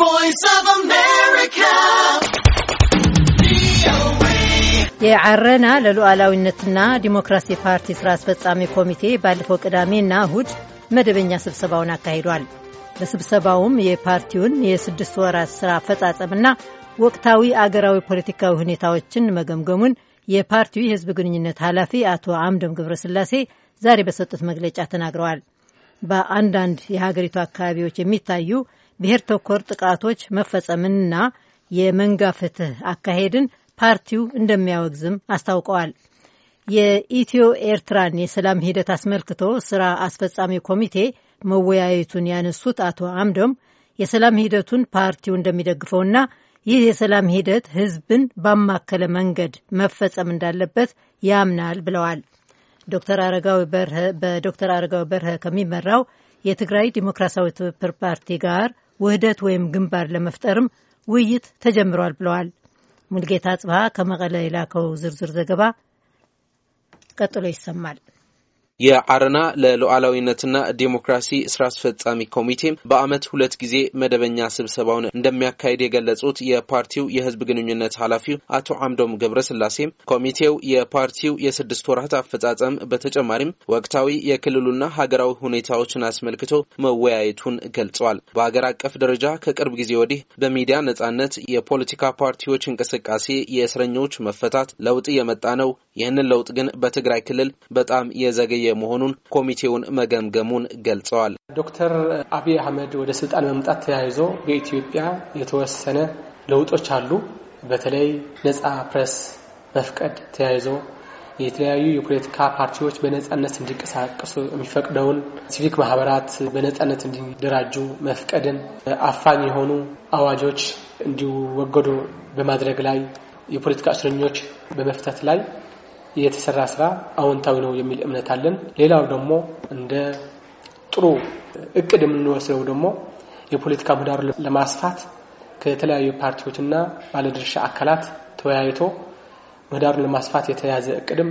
voice of America. የአረና ለሉዓላዊነትና ዲሞክራሲ ፓርቲ ስራ አስፈጻሚ ኮሚቴ ባለፈው ቅዳሜና እሁድ መደበኛ ስብሰባውን አካሂዷል። በስብሰባውም የፓርቲውን የስድስት ወራት ስራ አፈጻጸምና ወቅታዊ አገራዊ ፖለቲካዊ ሁኔታዎችን መገምገሙን የፓርቲው የህዝብ ግንኙነት ኃላፊ አቶ አምደም ገብረስላሴ ዛሬ በሰጡት መግለጫ ተናግረዋል። በአንዳንድ የሀገሪቱ አካባቢዎች የሚታዩ ብሔር ተኮር ጥቃቶች መፈጸምንና የመንጋ ፍትህ አካሄድን ፓርቲው እንደሚያወግዝም አስታውቀዋል። የኢትዮ ኤርትራን የሰላም ሂደት አስመልክቶ ስራ አስፈጻሚ ኮሚቴ መወያየቱን ያነሱት አቶ አምዶም የሰላም ሂደቱን ፓርቲው እንደሚደግፈውና ይህ የሰላም ሂደት ህዝብን ባማከለ መንገድ መፈጸም እንዳለበት ያምናል ብለዋል። ዶክተር አረጋዊ በርሀ በዶክተር አረጋዊ በርሀ ከሚመራው የትግራይ ዲሞክራሲያዊ ትብብር ፓርቲ ጋር ውህደት ወይም ግንባር ለመፍጠርም ውይይት ተጀምሯል ብለዋል። ሙልጌታ ጽብሃ ከመቀለ የላከው ዝርዝር ዘገባ ቀጥሎ ይሰማል። የአረና ለሉዓላዊነትና ዲሞክራሲ ስራ አስፈጻሚ ኮሚቴም በአመት ሁለት ጊዜ መደበኛ ስብሰባውን እንደሚያካሄድ የገለጹት የፓርቲው የህዝብ ግንኙነት ኃላፊው አቶ አምዶም ገብረስላሴም ኮሚቴው የፓርቲው የስድስት ወራት አፈጻጸም በተጨማሪም ወቅታዊ የክልሉና ሀገራዊ ሁኔታዎችን አስመልክቶ መወያየቱን ገልጿል። በሀገር አቀፍ ደረጃ ከቅርብ ጊዜ ወዲህ በሚዲያ ነጻነት፣ የፖለቲካ ፓርቲዎች እንቅስቃሴ፣ የእስረኞች መፈታት ለውጥ የመጣ ነው። ይህንን ለውጥ ግን በትግራይ ክልል በጣም የዘገየ መሆኑን ኮሚቴውን መገምገሙን ገልጸዋል። ዶክተር አብይ አህመድ ወደ ስልጣን መምጣት ተያይዞ በኢትዮጵያ የተወሰነ ለውጦች አሉ። በተለይ ነጻ ፕሬስ መፍቀድ ተያይዞ የተለያዩ የፖለቲካ ፓርቲዎች በነጻነት እንዲንቀሳቀሱ የሚፈቅደውን ሲቪክ ማህበራት በነጻነት እንዲደራጁ መፍቀድን፣ አፋኝ የሆኑ አዋጆች እንዲወገዱ በማድረግ ላይ የፖለቲካ እስረኞች በመፍታት ላይ የተሰራ ስራ አዎንታዊ ነው የሚል እምነት አለን። ሌላው ደግሞ እንደ ጥሩ እቅድ የምንወስደው ደግሞ የፖለቲካ ምህዳሩ ለማስፋት ከተለያዩ ፓርቲዎችና ባለድርሻ አካላት ተወያይቶ ምህዳሩን ለማስፋት የተያዘ እቅድም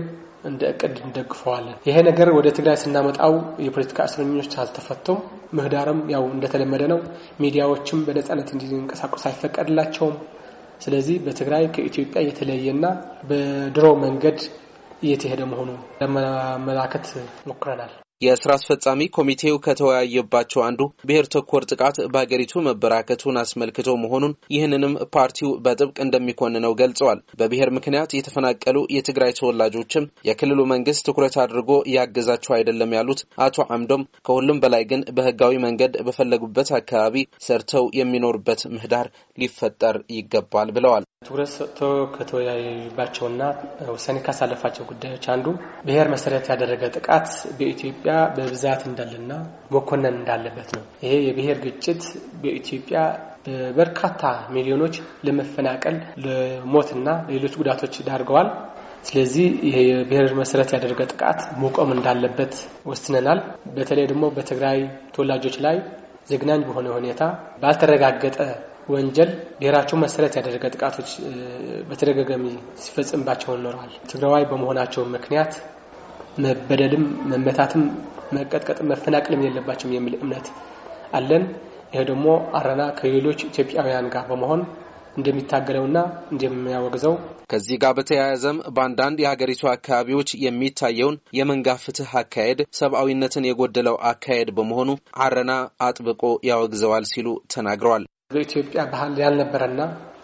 እንደ እቅድ እንደግፈዋለን። ይሄ ነገር ወደ ትግራይ ስናመጣው የፖለቲካ እስረኞች አልተፈቱም። ምህዳርም ያው እንደተለመደ ነው። ሚዲያዎችም በነጻነት እንዲንቀሳቀሱ አይፈቀድላቸውም። ስለዚህ በትግራይ ከኢትዮጵያ የተለየና በድሮ መንገድ እየተሄደ መሆኑ ለመላከት ሞክረናል። የስራ አስፈጻሚ ኮሚቴው ከተወያየባቸው አንዱ ብሔር ተኮር ጥቃት በሀገሪቱ መበራከቱን አስመልክቶ መሆኑን ይህንንም ፓርቲው በጥብቅ እንደሚኮንነው ገልጸዋል። በብሔር ምክንያት የተፈናቀሉ የትግራይ ተወላጆችም የክልሉ መንግስት ትኩረት አድርጎ ያገዛቸው አይደለም ያሉት አቶ አምዶም ከሁሉም በላይ ግን በህጋዊ መንገድ በፈለጉበት አካባቢ ሰርተው የሚኖሩበት ምህዳር ሊፈጠር ይገባል ብለዋል። ትኩረት ሰጥቶ ከተወያዩባቸውና ውሳኔ ካሳለፋቸው ጉዳዮች አንዱ ብሔር መሰረት ያደረገ ጥቃት በኢትዮጵያ በብዛት እንዳለና መኮነን እንዳለበት ነው። ይሄ የብሔር ግጭት በኢትዮጵያ በበርካታ ሚሊዮኖች ለመፈናቀል ለሞትና ሌሎች ጉዳቶች ዳርገዋል። ስለዚህ ይሄ የብሔር መሰረት ያደረገ ጥቃት መቆም እንዳለበት ወስነናል። በተለይ ደግሞ በትግራይ ተወላጆች ላይ ዘግናኝ በሆነ ሁኔታ ባልተረጋገጠ ወንጀል ብሔራቸው መሰረት ያደረገ ጥቃቶች በተደጋጋሚ ሲፈጽምባቸው ኖረዋል። ትግራዋይ በመሆናቸው ምክንያት መበደልም፣ መመታትም፣ መቀጥቀጥም መፈናቀልም የለባቸውም የሚል እምነት አለን። ይሄ ደግሞ አረና ከሌሎች ኢትዮጵያውያን ጋር በመሆን እንደሚታገለውና እንደሚያወግዘው ከዚህ ጋር በተያያዘም በአንዳንድ የሀገሪቱ አካባቢዎች የሚታየውን የመንጋ ፍትህ አካሄድ ሰብአዊነትን የጎደለው አካሄድ በመሆኑ አረና አጥብቆ ያወግዘዋል ሲሉ ተናግረዋል። በኢትዮጵያ ባህል ያልነበረና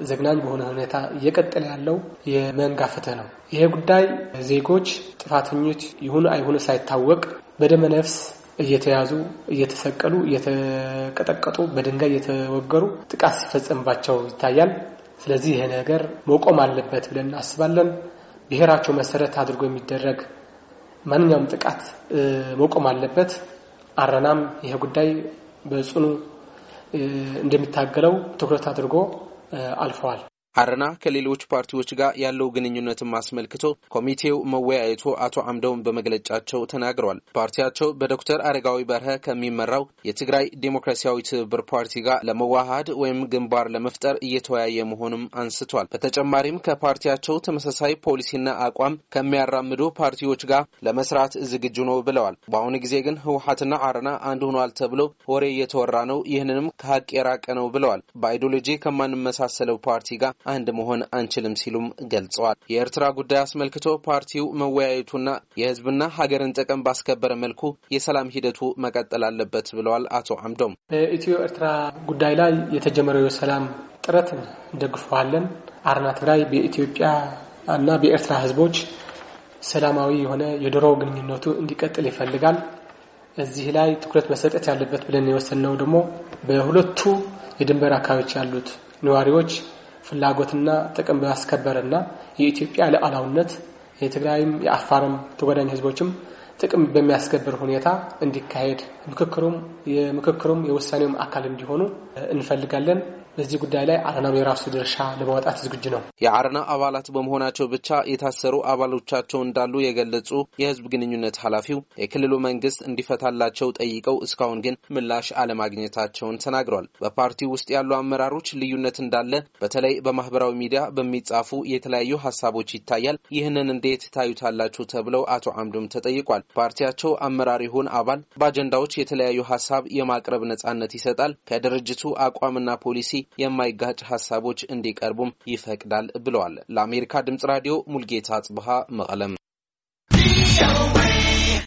ዘግናኝ በሆነ ሁኔታ እየቀጠለ ያለው የመንጋ ፍትህ ነው። ይሄ ጉዳይ ዜጎች ጥፋተኞች ይሁን አይሁን ሳይታወቅ በደመ ነፍስ እየተያዙ እየተሰቀሉ፣ እየተቀጠቀጡ፣ በድንጋይ እየተወገሩ ጥቃት ሲፈጸምባቸው ይታያል። ስለዚህ ይሄ ነገር መቆም አለበት ብለን እናስባለን። ብሔራቸው መሰረት አድርጎ የሚደረግ ማንኛውም ጥቃት መቆም አለበት። አረናም ይሄ ጉዳይ በጽኑ እንደሚታገለው ትኩረት አድርጎ አልፈዋል። አረና ከሌሎች ፓርቲዎች ጋር ያለው ግንኙነትን አስመልክቶ ኮሚቴው መወያየቱ አቶ አምደውን በመግለጫቸው ተናግረዋል። ፓርቲያቸው በዶክተር አረጋዊ በርሀ ከሚመራው የትግራይ ዴሞክራሲያዊ ትብብር ፓርቲ ጋር ለመዋሃድ ወይም ግንባር ለመፍጠር እየተወያየ መሆኑም አንስቷል። በተጨማሪም ከፓርቲያቸው ተመሳሳይ ፖሊሲና አቋም ከሚያራምዱ ፓርቲዎች ጋር ለመስራት ዝግጁ ነው ብለዋል። በአሁኑ ጊዜ ግን ህወሀትና አረና አንድ ሆኗል ተብሎ ወሬ እየተወራ ነው። ይህንንም ከሀቅ የራቀ ነው ብለዋል። በአይዲዮሎጂ ከማንመሳሰለው ፓርቲ ጋር አንድ መሆን አንችልም ሲሉም ገልጸዋል። የኤርትራ ጉዳይ አስመልክቶ ፓርቲው መወያየቱና የህዝብና ሀገርን ጥቅም ባስከበረ መልኩ የሰላም ሂደቱ መቀጠል አለበት ብለዋል። አቶ አምዶም በኢትዮ ኤርትራ ጉዳይ ላይ የተጀመረው የሰላም ጥረት እንደግፈዋለን። አረና ትግራይ በኢትዮጵያ እና በኤርትራ ህዝቦች ሰላማዊ የሆነ የድሮ ግንኙነቱ እንዲቀጥል ይፈልጋል። እዚህ ላይ ትኩረት መሰጠት ያለበት ብለን የወሰንነው ደግሞ በሁለቱ የድንበር አካባቢዎች ያሉት ነዋሪዎች ፍላጎትና ጥቅም ባስከበረና የኢትዮጵያ ሉዓላዊነት የትግራይም የአፋርም ተጓዳኝ ህዝቦችም ጥቅም በሚያስከብር ሁኔታ እንዲካሄድ ምክክሩም የምክክሩም የውሳኔውም አካል እንዲሆኑ እንፈልጋለን። በዚህ ጉዳይ ላይ አረናው የራሱ ድርሻ ለማውጣት ዝግጁ ነው። የአረና አባላት በመሆናቸው ብቻ የታሰሩ አባሎቻቸው እንዳሉ የገለጹ የህዝብ ግንኙነት ኃላፊው የክልሉ መንግስት እንዲፈታላቸው ጠይቀው እስካሁን ግን ምላሽ አለማግኘታቸውን ተናግሯል። በፓርቲው ውስጥ ያሉ አመራሮች ልዩነት እንዳለ በተለይ በማህበራዊ ሚዲያ በሚጻፉ የተለያዩ ሀሳቦች ይታያል። ይህንን እንዴት ታዩታላችሁ ተብለው አቶ አምዱም ተጠይቋል። ፓርቲያቸው አመራር ይሁን አባል በአጀንዳዎች የተለያዩ ሀሳብ የማቅረብ ነጻነት ይሰጣል። ከድርጅቱ አቋምና ፖሊሲ የማይጋጭ ሀሳቦች እንዲቀርቡም ይፈቅዳል ብለዋል። ለአሜሪካ ድምጽ ራዲዮ ሙልጌታ ጽብሃ መቀለም